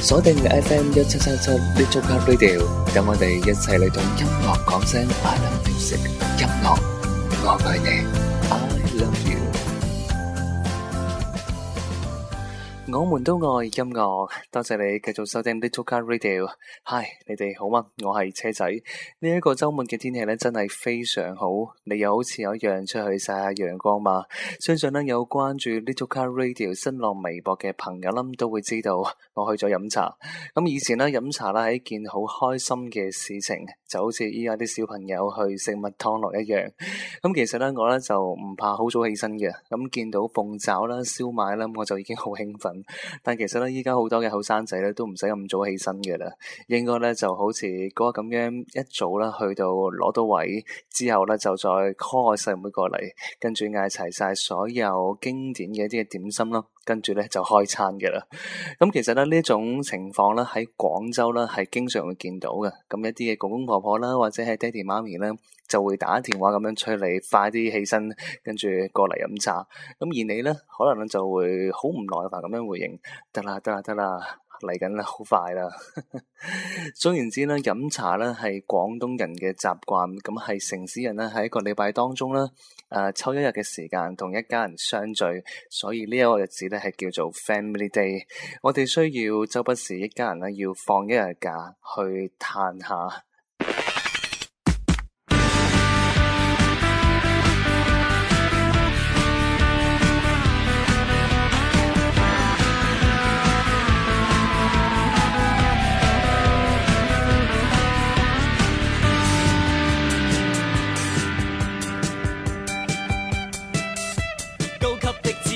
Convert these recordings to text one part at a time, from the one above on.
鎖定嘅 FM 一七七七 live talk radio，等我哋一齊嚟對音樂講聲 I love music，音樂我愛你。我們都愛音樂，多謝你繼續收聽 Little Car Radio。嗨，你哋好嗎？我係車仔。呢一個周末嘅天氣咧，真係非常好。你又好似有一樣出去曬下陽光嘛？相信有關注 Little Car Radio 新浪微博嘅朋友都會知道，我去咗飲茶。咁以前咧飲茶咧係一件好開心嘅事情，就好似依家啲小朋友去食麥當勞一樣。咁其實我呢，就唔怕好早起身嘅，咁見到鳳爪啦、燒賣啦，我就已經好興奮。但其實咧，依家好多嘅後生仔咧，都唔使咁早起身嘅啦。應該咧就好似哥咁樣，一早咧去到攞到位之後咧，就再 call 我細妹過嚟，跟住嗌齊晒所有經典嘅一啲嘅點心咯，跟住咧就開餐嘅啦。咁其實咧呢種情況咧喺廣州咧係經常會見到嘅。咁一啲嘅公公婆婆啦，或者係爹哋媽咪咧。就會打電話咁樣催你快啲起身，跟住過嚟飲茶。咁而你咧，可能就會好唔耐煩咁樣回應：得啦，得啦，得啦，嚟緊啦，好快啦。總言之咧，飲茶咧係廣東人嘅習慣。咁係城市人咧喺一個禮拜當中咧，誒、呃、抽一日嘅時間同一家人相聚，所以呢一個日子咧係叫做 Family Day。我哋需要周不時一家人咧要放一日假去嘆下。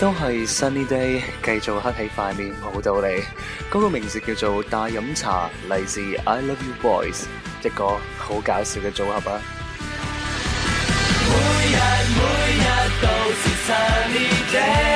都係 sunny day，繼續黑起塊面冇道理。嗰、嗰個名字叫做大飲茶，嚟自 I Love You Boys，一個好搞笑嘅組合啊！每日每日都係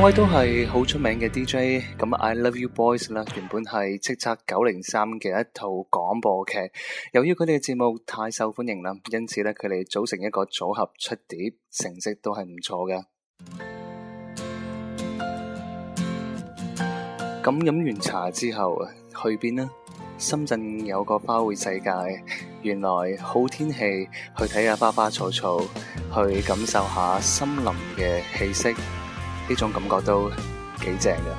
兩位都係好出名嘅 DJ，咁 I Love You Boys 啦，原本係叱咤九零三嘅一套廣播劇。由於佢哋嘅節目太受歡迎啦，因此咧佢哋組成一個組合出碟，成績都係唔錯嘅。咁飲完茶之後，去邊呢？深圳有個花卉世界，原來好天氣去睇下花花草草，去感受下森林嘅氣息。呢種感覺都幾正嘅。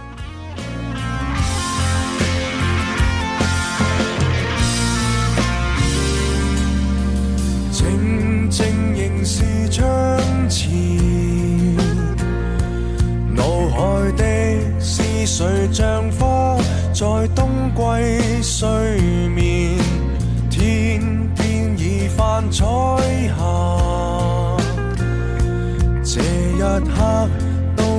靜靜凝視窗前，腦海的思緒像花，在冬季睡眠，天天已泛彩霞，這一刻。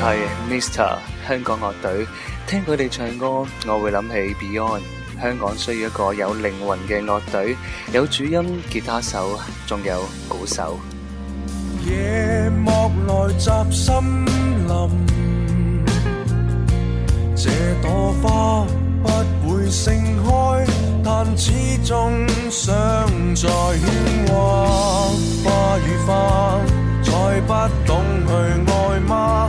係 Mr. 香港樂隊，聽佢哋唱歌，我會諗起 Beyond。香港需要一個有靈魂嘅樂隊，有主音、吉他手，仲有鼓手。夜幕來襲，森林，這朵花不會盛開，但始終想再牽掛。花與花，再不懂去愛嗎？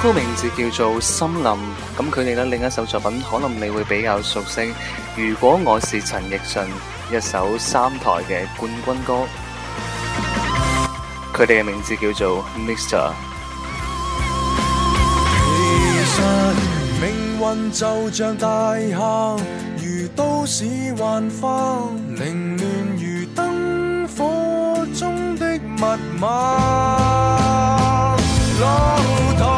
歌名字叫做《森林》，咁佢哋呢另一首作品，可能你會比較熟悉。如果我是陳奕迅一首三台嘅冠軍歌，佢哋嘅名字叫做 Mr.。其實命運就像大廈，如都市幻化，凌亂如燈火中的密碼，老。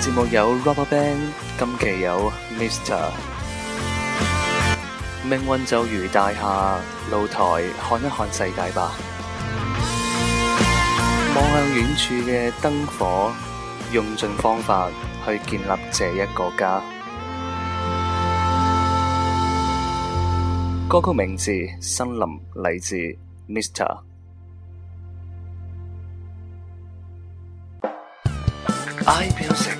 節目有 Rubber Band，今期有 Mister。命運就如大廈露台，看一看世界吧。望向遠處嘅燈火，用盡方法去建立這一個家。歌曲名字《森林》嚟自 Mister。I feel sad。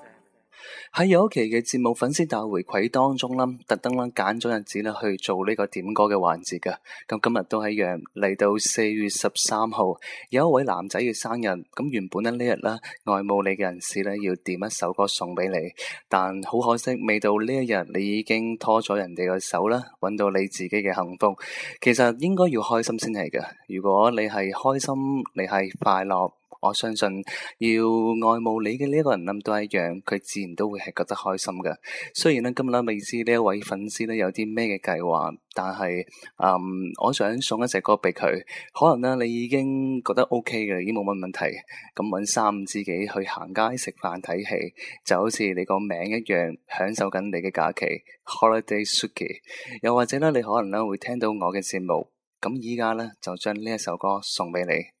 喺有一期嘅節目粉絲大回饋當中啦，特登啦揀咗日子咧去做呢個點歌嘅環節噶。咁今日都係一樣嚟到四月十三號，有一位男仔嘅生日。咁原本咧呢日啦，愛慕你嘅人士咧要點一首歌送俾你，但好可惜，未到呢一日，你已經拖咗人哋嘅手啦，揾到你自己嘅幸福。其實應該要開心先係噶。如果你係開心，你係快樂。我相信要愛慕你嘅呢一個人諗到一樣，佢自然都會係覺得開心嘅。雖然咧今日咧未知呢一位粉絲咧有啲咩嘅計劃，但係嗯，我想送一隻歌畀佢。可能咧你已經覺得 OK 嘅，已經冇乜問題。咁揾三五知己去行街食飯睇戲，就好似你個名一樣，享受緊你嘅假期。Holiday suki 又或者咧你可能咧會聽到我嘅節目，咁而家呢，就將呢一首歌送畀你。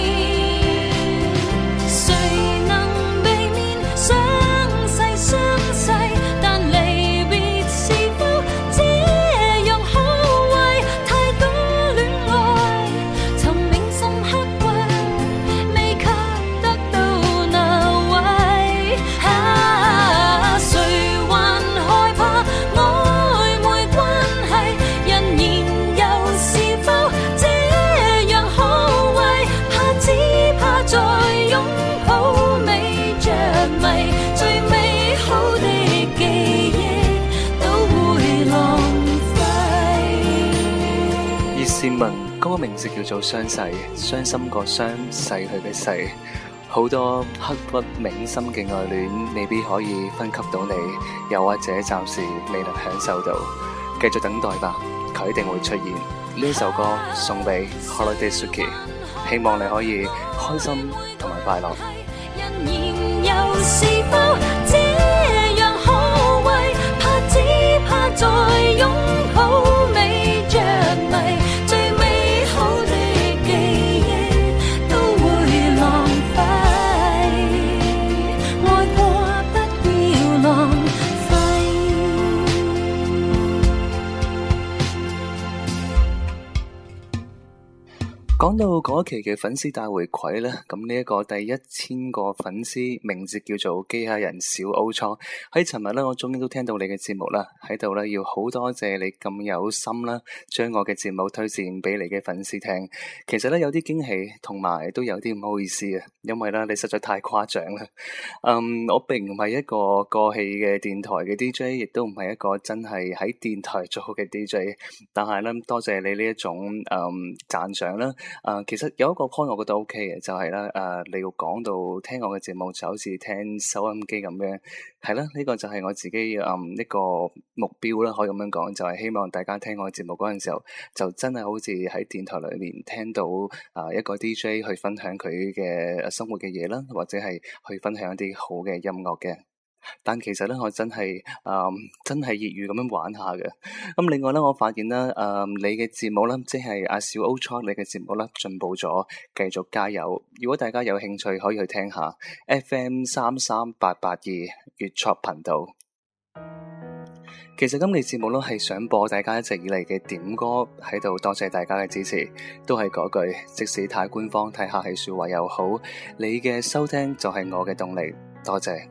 歌名字叫做傷逝，傷心個傷逝去嘅逝，好多刻骨銘心嘅愛戀未必可以分給到你，又或者暫時未能享受到，繼續等待吧，佢一定會出現。呢首歌送俾 Holiday Suki，希望你可以開心同埋快樂。講到嗰期嘅粉絲大回饋咧，咁呢一個第一千個粉絲名字叫做機械人小歐倉，喺尋日咧，我終於都聽到你嘅節目啦，喺度咧要好多謝你咁有心啦，將我嘅節目推薦俾你嘅粉絲聽。其實咧有啲驚喜，同埋都有啲唔好意思呀，因為咧你實在太誇張啦。嗯，我並唔係一個過氣嘅電台嘅 DJ，亦都唔係一個真係喺電台做嘅 DJ，但係咧多謝你呢一種嗯讚賞啦。Uh, 其實有一個 point，我覺得 O K 嘅，就係咧，誒，uh, 你要講到聽我嘅節目，就好似聽收音機咁樣，係啦，呢個就係我自己誒、um, 一個目標啦，可以咁樣講，就係希望大家聽我嘅節目嗰陣時候，就真係好似喺電台裏面聽到誒一個 D J 去分享佢嘅生活嘅嘢啦，或者係去分享一啲好嘅音樂嘅。但其實咧，我真係誒、嗯，真係業餘咁樣玩下嘅。咁、嗯、另外咧，我發現咧，誒、嗯，你嘅節目啦，即係阿小 Ocho 你嘅節目啦，進步咗，繼續加油。如果大家有興趣，可以去聽下 FM 三三八八二粵拓頻道。 其實今期節目咧，係想播大家一直以嚟嘅點歌，喺度多謝大家嘅支持，都係嗰句，即使太官方、太客氣說話又好，你嘅收聽就係我嘅動力，多謝。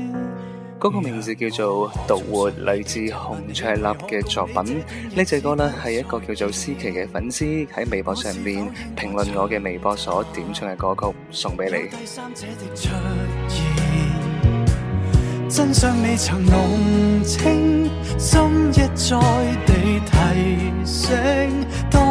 嗰個名字叫做《獨活類紅立》，來自洪卓立嘅作品。這首呢隻歌啦，係一個叫做思琪嘅粉絲喺微博上面評論我嘅微博所點唱嘅歌曲，送俾你。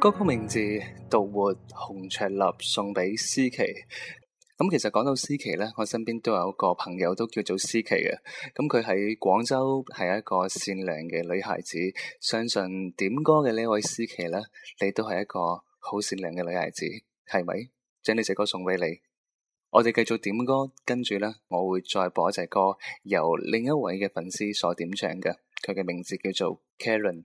歌曲名字《獨活洪卓立》送畀思琪。咁、嗯、其實講到思琪呢，我身邊都有一個朋友都叫做思琪嘅。咁佢喺廣州係一個善良嘅女孩子。相信點歌嘅呢位思琪呢，你都係一個好善良嘅女孩子，係咪？將呢隻歌送畀你。我哋繼續點歌，跟住呢，我會再播一隻歌，由另一位嘅粉絲所點唱嘅。佢嘅名字叫做 Karen。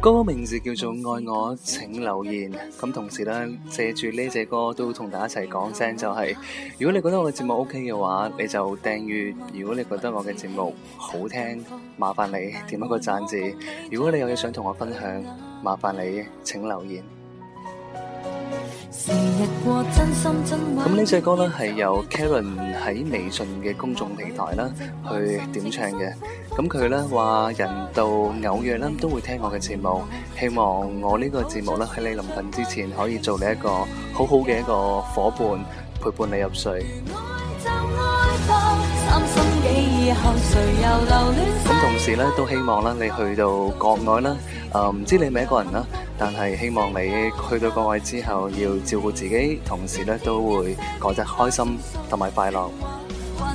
歌名字叫做愛我請留言，咁同時咧借住呢隻歌都同大家一齊講聲就係，如果你覺得我嘅節目 OK 嘅話，你就訂閱；如果你覺得我嘅節目好聽，麻煩你點一個讚字；如果你有嘢想同我分享，麻煩你請留言。咁呢隻歌咧係由 Karen 喺微信嘅公眾平台啦去點唱嘅。咁佢咧話人到紐約啦，都會聽我嘅節目，希望我呢個節目咧喺你臨瞓之前可以做你一個好好嘅一個伙伴，陪伴你入睡。咁同時咧都希望咧你去到國外啦，誒唔知你係咪一個人啦，但係希望你去到國外之後要照顧自己，同時咧都會過得開心同埋快樂。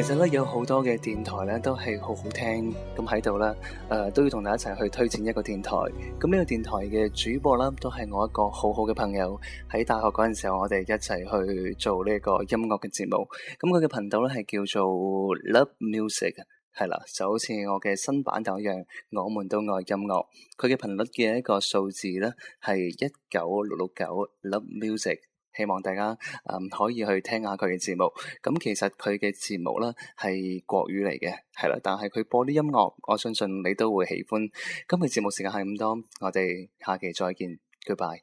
其實咧有好多嘅電台咧都係好好聽，咁喺度咧，誒都要同大家一齊去推薦一個電台。咁呢個電台嘅主播咧都係我一個好好嘅朋友，喺大學嗰陣時候我哋一齊去做呢個音樂嘅節目。咁佢嘅頻道咧係叫做 Love Music，係啦，就好似我嘅新版咁樣，我們都愛音樂。佢嘅頻率嘅一個數字咧係一九六六九，Love Music。希望大家誒可以去聽下佢嘅節目，咁其實佢嘅節目呢係國語嚟嘅，係啦，但係佢播啲音樂，我相信你都會喜歡。今日節目時間係咁多，我哋下期再見，Goodbye。